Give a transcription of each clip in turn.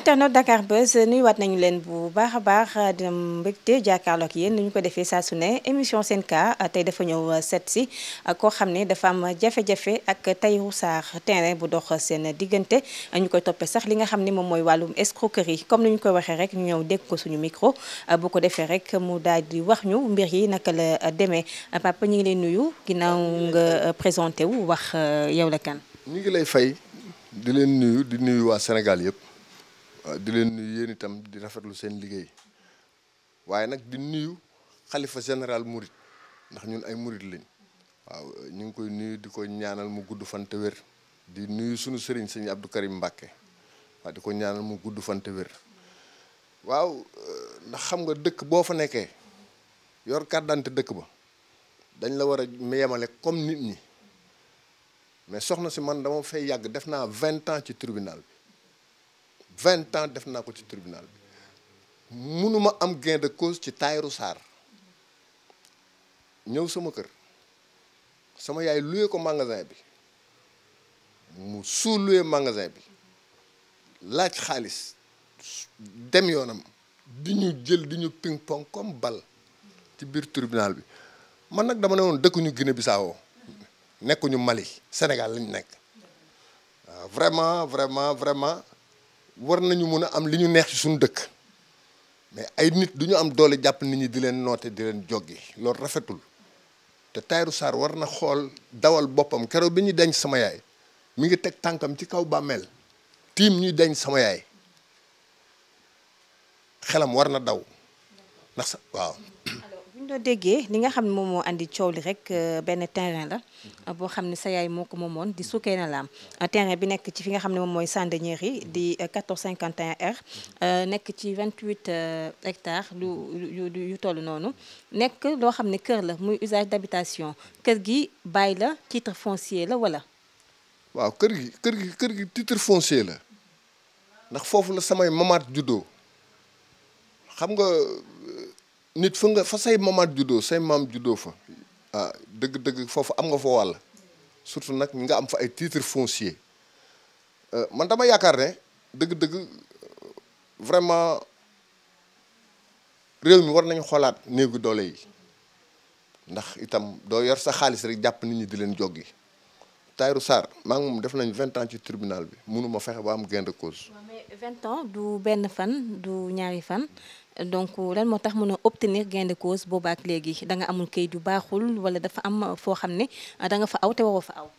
internet Dakar Buzz nuyuwaat nañu leen bu baax a baax dina mbégte jàkkaarloo ak yéen ni ñu ko defee saa su ne émission seen cas tey dafa ñëw euh, set si euh, koo xam ne dafa am jafe-jafe ak Tahirou Sarr terrain bu dox seen diggante ñu koy toppee sax li nga xam ne moom mooy wàllum escroquerie comme ni ñu koy waxee rek ñu ñëw dégg ko suñu micro euh, bu ko defee rek mu daal di wax ñu mbir yi naka la demee papa ñu ngi lay nuyu ginnaaw nga présenté wu wax yow la kan. ñu ngi lay fay nuyu di nuyu waa yëpp. waa di leen nuyu yéen itam di rafetlu seen liggéey waaye nag di nuyu xalifa général Mouride ndax ñun ay Mouride lañ waaw ñu ngi koy nuyu di ko ñaanal mu gudd fan te wér di nuyu suñu sëriñ sëñ Abdou Karim Mbacke waaw di ko ñaanal mu gudd fan te wér waaw ndax xam nga dëkk boo fa nekkee yor carte d'identité dëkk ba dañ la war a yemale comme nit ñi mais soxna si man dama fay yàgg def naa vingt ans ci tribunal. vingt ans def naa ko ci tribunal bi munuma am gain de cause ci Tahirou saar ñëw sama kër sama yaay loué ko magasin bi mu sous loué magasin bi laaj xaalis dem yoonam di ñu jël di ñu ping pong comme bal ci biir tribunal bi man nag dama ne woon gine Guinée Bissau nekkuñu Mali Sénégal lañ nekk waaw vraiment vraiment vraiment war nañu mun a am li ñu neex ci suñu dëkk mais ay nit du ñu am doole jàpp nit ñi di leen noote di leen joggi loolu rafetul te Tahirou Sarr war na xool dawal boppam keroog bi ñuy dañ sama yaay mi ngi teg tànkam ci kaw bàmmeel tiim ñuy dañ sama yaay xelam war na daw ndax sa waaw la déggee li nga xam ne moom moo andi coow li rek euh, benn terrain la mhm. boo xam ne sa yaay moo ko moomoon di sukkee na laam euh, terrain bi nekk ci fi nga xam ne moom mooy Sandiniéry yi di 1451 euh, R mhm. nekk ci vingt hectares hectare lu yu toll noonu nekk loo xam ne kër la muy usage d'habitation kër gi bàyyi la titre foncier la wala. waaw kër gi kër gi kër gi titre foncier la ndax foofu la samay mamaat juddoo xam nga. nit fu nga fa say mamaat juddoo say maam juddoo fa ah dëgg-dëgg foofu am nga foo wàll surtout nag nga am fa ay titre foncier euh, man dama yaakaar ne dëgg-dëgg vraiment réew mi war nañu xoolaat néegu doole yi ndax itam doo yor sa xaalis rek jàpp nit ñi di leen joggi Tahirou Sarr maa ngi moom def nañ vingt ans ci tribunal bi mënuma fexe ba am gain de cause. vingt ans du benn fan du ñaari fan. donc lan moo tax mën a obtenir gain de cause boobaak léegi da nga amul kayit yu baaxul wala dafa am foo xam ne ah, da nga fa aw te waroo fa aw.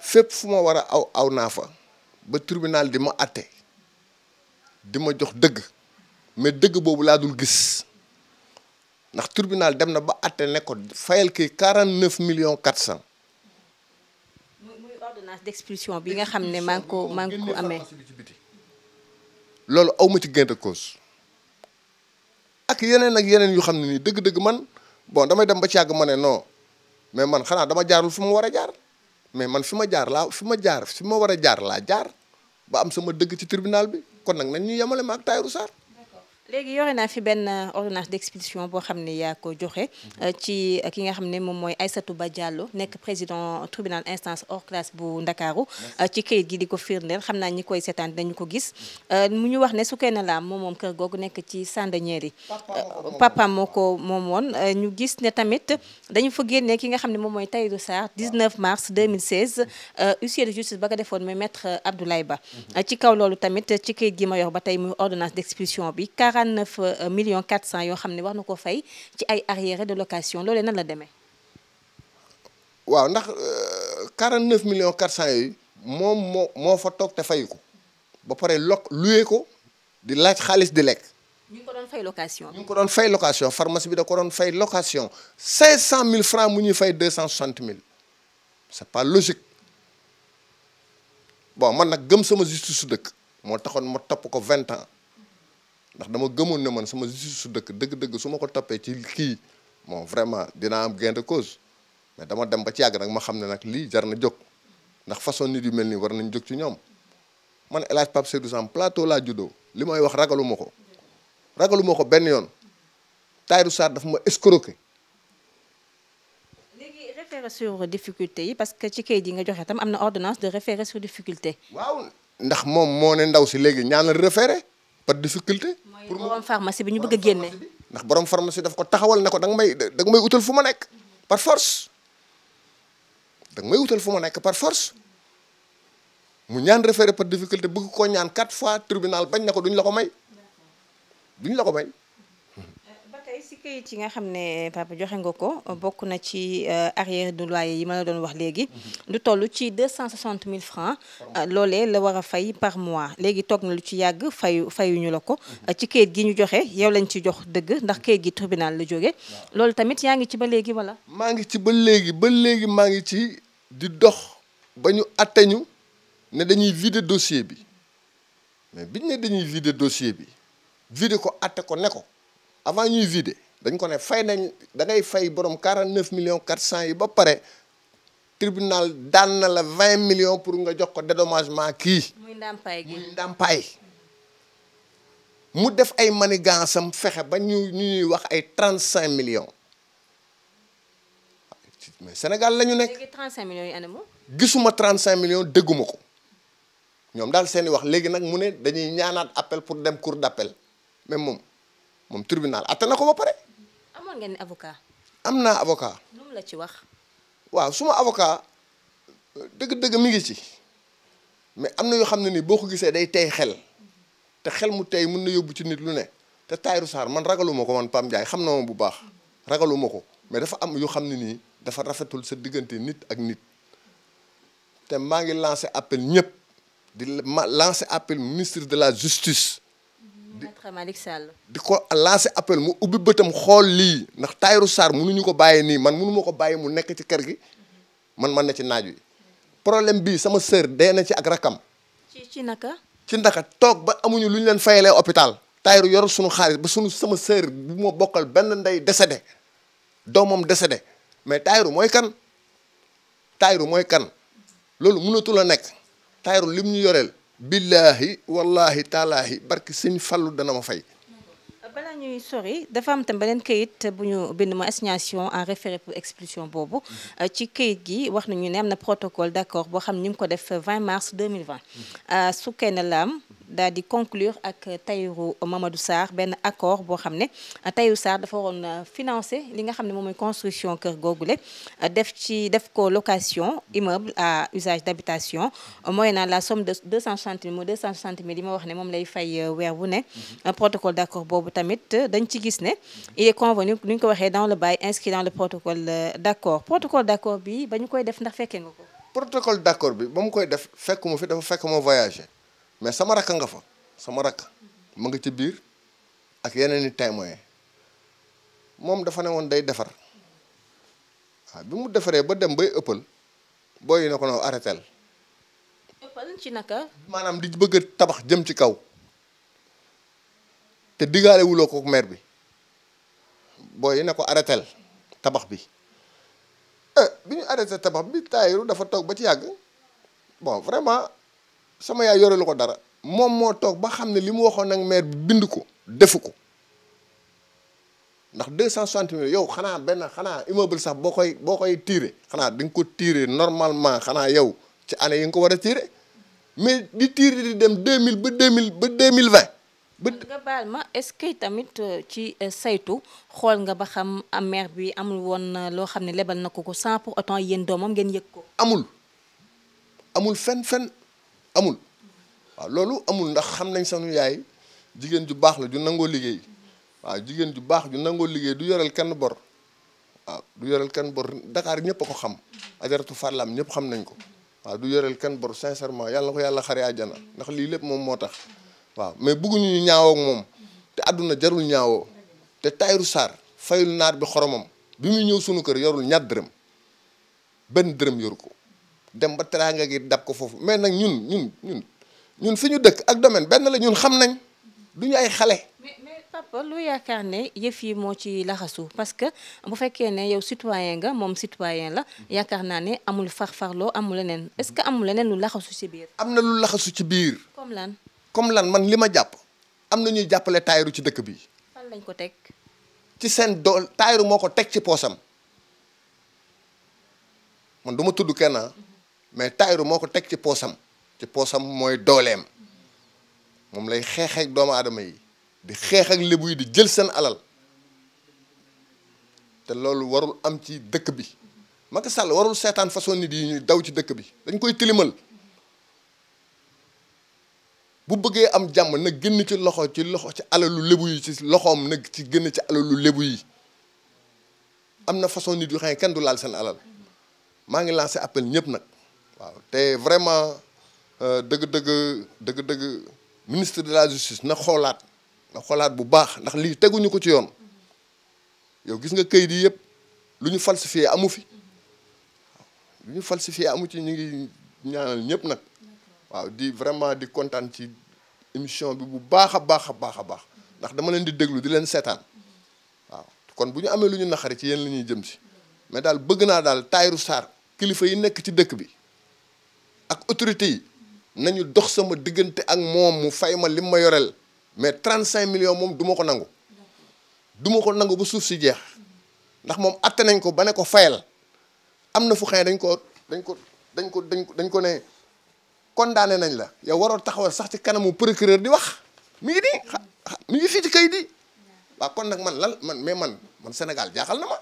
fépp fu ma war a aw aw naa fa ba tribunal di ma atte di ma jox dëgg mais dëgg boobu laa dul gis ndax tribunal dem na ba atte ne ko fayal kii 49 millions 400. muy muy ordonnance d'expulsion bi nga xam ne maa ngi ko maa ngi ko amee. loolu aw ma ci gain de cause. ak yeneen ak yeneen yu xam ne nii dëgg-dëgg man bon damay dem ba ci yàgg ma ne non mais man xanaa dama jaarul fu ma war a jaar mais man fi ma jaar laa fi ma jaar fi ma war a jaar laa jaar ba am sama dëgg ci tribunal bi kon nag nañ ñu yemale ma ak Tahirou Sarr léegi yore naa fi benn euh, ordonnance d'expulsion boo xam ne yaa ko joxe mhm. euh, ci euh, ki nga xam ne moom mooy ay satu Ba Diallo nekk président tribunal instance hors classe bu Ndakaaru ci kayit gi di ko firndeel xam naa ñi koy seetaan dañu ko gis mu ñu wax ne su kee na moom moom kër googu nekk ci Sandiniéry papa moo ko moom woon ñu gis ne tamit dañu fa génnee ki nga xam ne moom mooy Tahirou Sarr 19 mars 2016 huissier de justice ba ko defoon mooy maître Abdoulaye Ba mhm. ci kaw loolu tamit ci këyit gi ma yor ba tey muy ordonnance d'expulsion bi trente-neuf euh, millions quatre cent yoo xam ne war na ko fay ci ay arriérés de location loolee nan la demee. waaw ndax euh, quarante-neuf millions quatre cent yooyu moom moo moo fa toog te fay ko ba pare lokk luye ko di laaj xaalis di lekk. ñu ngi ko doon fay location. ñu ngi ko doon fay location pharmacie bi da ko doon fay location cinq cent mille francs mu ñuy fay deux cent soixante mille c'est pas logique bon man nag gëm sama justice su dëkk moo taxoon ma topp ko vingt ans. ndax dama gëmoon ne man sama justice su dëkk dëgg-dëgg su ma ko toppee ci kii moom vraiment dina am gain de cause mais dama dem ba ci yàgg nag ma xam ne nag lii jar na jóg ndax façon nit yu mel nii war nañ jóg ci ñoom man El Hadj Pape Seydou Sam plateau laa juddoo li may wax ragaluma ko ragaluma ko benn yoon Tahirou Sarr dafa ma escroqué. léegi référé sur difficulté yi parce que ci kayit yi nga joxe tam am na ordonnance de référé sur difficulté. waaw ndax moom moo ne ndaw si léegi ñaanal référé. par difficulté. pour borom pharmacie bi ñu bëgg a génne. ndax borom pharmacie daf ko taxawal ne ko danga may danga may utal fu ma nekk par force danga may utal fu ma nekk par force mu ñaan référé par difficulté bugg koo ñaan quatre fois tribunal bañ na ko duñ la ko may duñ la ko may. kayit yi nga xam ne papa joxe nga ko bokk na ci euh, arrière du loyer yi ma la doon wax léegi mhm. lu toll ci deux cent soixante mille francs euh, loolee la war a fay par mois léegi toog na lu ci yàgg fayu fayuñu la ko mhm. euh, ci kayit gi ñu joxe yow lañ ci jox dëgg ndax mhm. kayit gi tribunal la jóge loolu tamit yaa ngi ci ba léegi wala maa ngi ci ba léegi ba léegi maa ngi ci di dox ba ñu atte ñu ne dañuy vider dossier bi mais biñ ne dañuy vider dossier bi vider ko atte ko ne ko avant ñuy vider dañ ko ne fay nañ da ngay fay borom 49 millions 400 yi ba pare tribunal daan na la vingt millions pour nga jox ko dédommagement kii. muy ndàmpaay gi ndàmpaay mu def ay manigansam fexe ba ñu ñuy wax ay 35 millions. mais Sénégal la ñu nekk léegi 35 millions yi anamu. gisuma 35 millions dégguma ko ñoom daal seeni wax léegi nag mu ne dañuy ñaanaat appel pour dem cour d'appel mais moom moom tribunal atte na ko ba pare. amoon ngeen avocat. am naa avocat. lu mu ci wax. waaw suma avocat dëgg-dëgg mi ngi ci mais am na yoo xam ne ni boo ko gisee day tey xel te xel mu tey mun na yóbbu ci nit lu ne te Tahirou Sarr man ragaluma ko man Pam Ndiaye xam na ma bu baax ragaluma ko mais dafa am yoo xam ne nii dafa rafetul sa diggante nit ak nit te maa ngi lancé appel ñëpp di ma lancé appel ministre de la justice. maître Malick Sall di ko lancé appel mu ubbi bëtam xool lii ndax Tahirou Sarr mënuñu ko bàyyi nii man mënu ma ko bàyyi mu nekk ci kër gi man man na ci naaj wi problème bii sama sœur dee na ci ak rakam. ci ci naka. ci naka toog ba amuñu lu ñu leen fayalee hôpital. Tahirou yor suñu xaalis ba suñu sama sœur bu ma bokkal benn ndey décédé doomam décédé mais Tahirou mooy kan Tahirou mooy kan loolu mënatul a nekk Tahirou lim ñu yoreel. billaahi wallaahi taalaahi barki sëñ Fallu dana ma fay. balaa ñuy sori dafa am tam beneen kayit bu ñu bind ma assignation en référé pour expulsion boobu ci kayit gi wax nañu ne am na protocole d'accord boo xam ñu ngi ko def 20 mars 2020 mm. euh, su kenn laam. daal di conclure ak Tahirou mamadu Sarr benn accord boo xam ne Tahirou Sarr dafa waroon euh, financer li nga xam ne moom mooy construction kër googu googule euh, def ci def ko location immeuble à usage d'habitation mooy na la somme de 260 000 mooy yi ma wax ne moom lay fay euh, weer wu ne mhm. protocole d'accord boobu tamit dañ ci gis ne il est convenu nu ñu ko waxee dans le bail inscrit dans le protocole d'accord protocole d'accord bi ba ñu koy def ndax fekkee nga ko protocole d'accord bi ba mu koy def fekk mu fi dafa fekk moo voyager mais sama rakk nga fa sama rakk mu ngi ci biir ak yeneen i témoin moom dafa ne woon day defar waaw bi mu defaree ba dem bay ëppal booy ne ko no arrêtel ëppal ci naka. maanaam di bëgg tabax jëm ci kaw te diggaale wuloo ko maire bi booy ne ko arrêtel tabax bi eh bi ñu arrêté tabax bi Tahirou dafa toog ba ci yàgg bon vraiment. sama yaay yore lu ko dara moom moo toog ba xam ne li mu waxoon nag maire bi bind ko defu ko ndax deux cent soixante millions yow xanaa benn xanaa immeuble sax boo koy boo koy tiire xanaa di nga ko tiire normalement xanaa yow ci année yi nga ko war a tiire mais di tiire di dem deux mille ba deux mille ba deux mille vingt ba nga baal ma est-ce que tamit euh, ci euh, saytu xool nga ba xam am maire bi amul woon euh, loo xam ne lebal na ko ko sans pour autant yéen doomam ngeen yëg ko amul amul waaw loolu amul ndax xam nañ sanu yaay jigéen ju baax la ju nangoo liggéey waaw jigéen ju baax ju nangoo liggéey du yoreel kenn bor waaw du yoreel kenn bor Dakar ñëpp ko xam ajaratu farlam ñëpp xam nañ ko waaw du yoreel kenn bor sincèrement yàlla ko yàlla xare àjjana ndax lii lépp moom moo tax waaw mais bëgguñu ñu ñaawoo moom te àdduna jarul ñaawoo te Tahirou Sarr fayul naar bi xoromam bi muy ñëw sunu kër yorul ñaar dërëm benn dërëm yoru ko dem ba teraanga gi dab ko foofu mais nag ñun ñun ñun ñun fi ñu dëkk ak domaine benn la ñun xam nañ ñu ay xale. lu yaakaar ne yëf yi moo ci laxasu parce que bu fekkee ne yow citoyen nga moom citoyen la yaakaar naa ne amul farfarloo amul leneen est-ce que amul leneen lu laxasu ci biir. am na lu laxasu ci biir. comme lan. comme lan man li ma jàpp am na ñuy jàppale taayiru ci dëkk bi. fan lañ ko teg. ci seen dool taayiru moo ko teg ci poosam man du tudd kenn ah. mais Tahirou moo ko teg ci poosam ci poosam mooy dooleem moom lay xeex doomu aadama yi di xeex ak yi di jël seen alal te loolu warul am ci dëkk bi Macky Sall warul seetaan façon nit yi daw ci dëkk bi dañ koy tilimal bu bëggee am jàmm na génn ci loxo ci loxo ci alalu lébu yi ci loxoom nag ci génn ci alalu lébu yi am na façon nit yu xam ne kenn du laal seen alal maa ngi lancé appel ñëpp nag waaw te vraiment dëgg-dëgg euh, dëgg-dëgg ministre de la justice na xoolaat na xoolaat bu baax ndax lii teguñu ko ci yoon yow gis nga kayit yi yëpp lu ñu falsifié amu fi lu ñu falsifié amu ci ñu ngi ñaanal ñëpp nag waaw di vraiment di kontaan ci émission bi bu baax a baax a baax a baax ndax dama leen di déglu di leen seetaan waaw kon bu ñu amee lu ñu naxari ci yéen la ñuy jëm ci mais daal bëgg naa daal Tahirou Sarr kilifa yi nekk ci dëkk bi ak autorité yi nañu dox sama diggante ak moom mu fay ma lim ma yoreel mais trent 35 millions moom du ma ko nangu du ma ko nangu ba suuf si jeex ndax moom atte nañ ko ba ne ko fayal am na fu xëy dañ ko dañ ko dañ ko dañ ko dañ ko ne kon condamné nañ la yow waroo taxawal sax ci kanamu procureur di wax mi ngi nii mi ngi fii ci kayit yi waaw kon nag man lan man mais man man Sénégal jaaxal na ma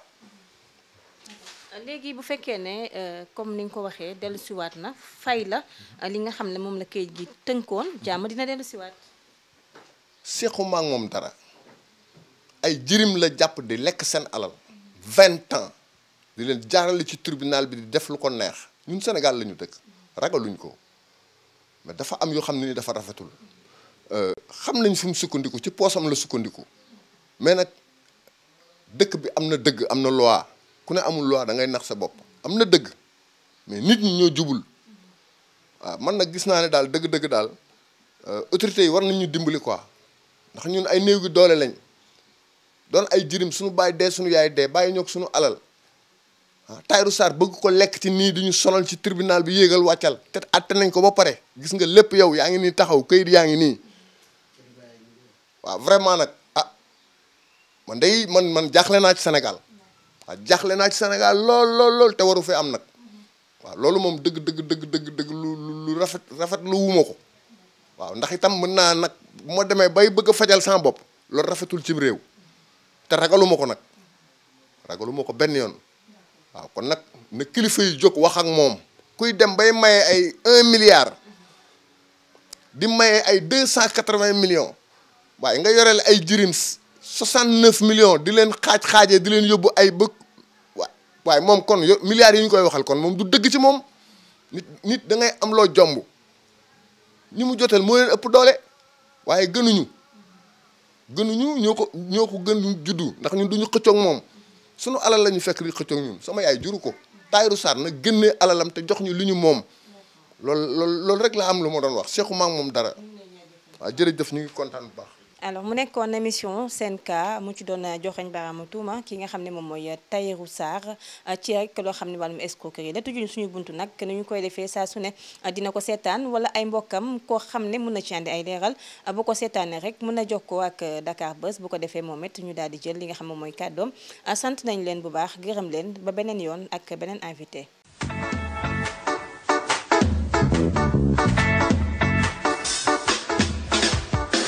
léegi bu fekkee ne euh, comme ni nga ko waxee dellusiwaat na fay la euh, li nga xam ne moom la këyit gi tënkoon jàmm dina dellusiwaat. sequma ak moom dara ay jirim la jàpp di lekk seen alal vingt ans di leen jaarale ci tribunal bi di def lu ko neex ñun Sénégal la ñu dëkk ragaluñ ko mais dafa am yoo xam ne ni dafa rafetul euh, xam nañ fu mu sukkandiku ci poosam la sukkandiku mais nag dëkk bi am na dëgg am na loi. ku ne amul loi da ngay nax sa bopp am na dëgg mais nit ñi ñoo jubul waaw man nag gis naa ne daal dëgg-dëgg daal euh, autorités yi war nañ ñu dimbali quoi ndax ñun ay néew gi doole lañ doon ay jirim suñu bàyyi dee suñu yaay dee bàyyi ñoo ko suñu alal ah Tahirou Sarr bëgg ko lekk ci nii di ñu sonal ci tribunal bi yéegal wàccal te atte nañ ko ba pare gis nga lépp yow yaa ngi nii taxaw këyit yaa ngi nii waaw vraiment nag a ah, man day man man jaaxle naa ci senegal waaw jaaxle naa ci Sénégal lool lool te waru fee am nag waaw loolu moom dëgg dëgg dëgg dëgg lu lu rafet rafet lu wuma ko waaw ndax itam mën naa nag moo demee bay bëgg fajal sama bopp loolu rafetul cim réew te ragaluma ko nag ragaluma ko benn yoon waaw kon nag na kilifa yu jóg wax ak moom kuy dem bay maye ay un milliard di maye ay deux cent quatre million millions waaye nga yoreel ay jirims soixante-neuf million di leen xaaj xaajee di leen yóbbu ay bëgg waaye moom kon yo milliards yi ñu koy waxal kon moom du dëgg ci moom nit nit da ngay am loo jomb ñi mu joteel moo leen ëpp doole waaye gënuñu gënuñu ñoo ko ñoo ko gën juddu ndax ñun duñu xëccoog moom sunu alal la ñu fekk di xëccoog ñun sama yaay juru ko Tahirou Sarr nag génnee alalam te jox ñu li ñu moom loolu loolu loolu rek la am lu ma doon wax seexu maam moom dara waaw jërëjëf ñu ngi kontaan bu baax alors mu nekkoon émission seen Cas mu ci doon eh, joxeñ baaraamu tuuma ki nga xam ne moom mooy eh, Tahirou saar eh, ci rek loo xam ne wàllum escroquerie la tëjuñ suñu buntu nag ni ñu koy defee saa su ne dina ko seetaan wala ay mbokkam koo xam ne mun na ci andi ay leeral bu ko seetaanee rek mun na jox ko ak dakaar Buzz bu ko defee moom it ñu daal di jël li nga xam ne mooy kàddoom sant nañ leen bu baax gërëm leen ba beneen yoon ak beneen invité.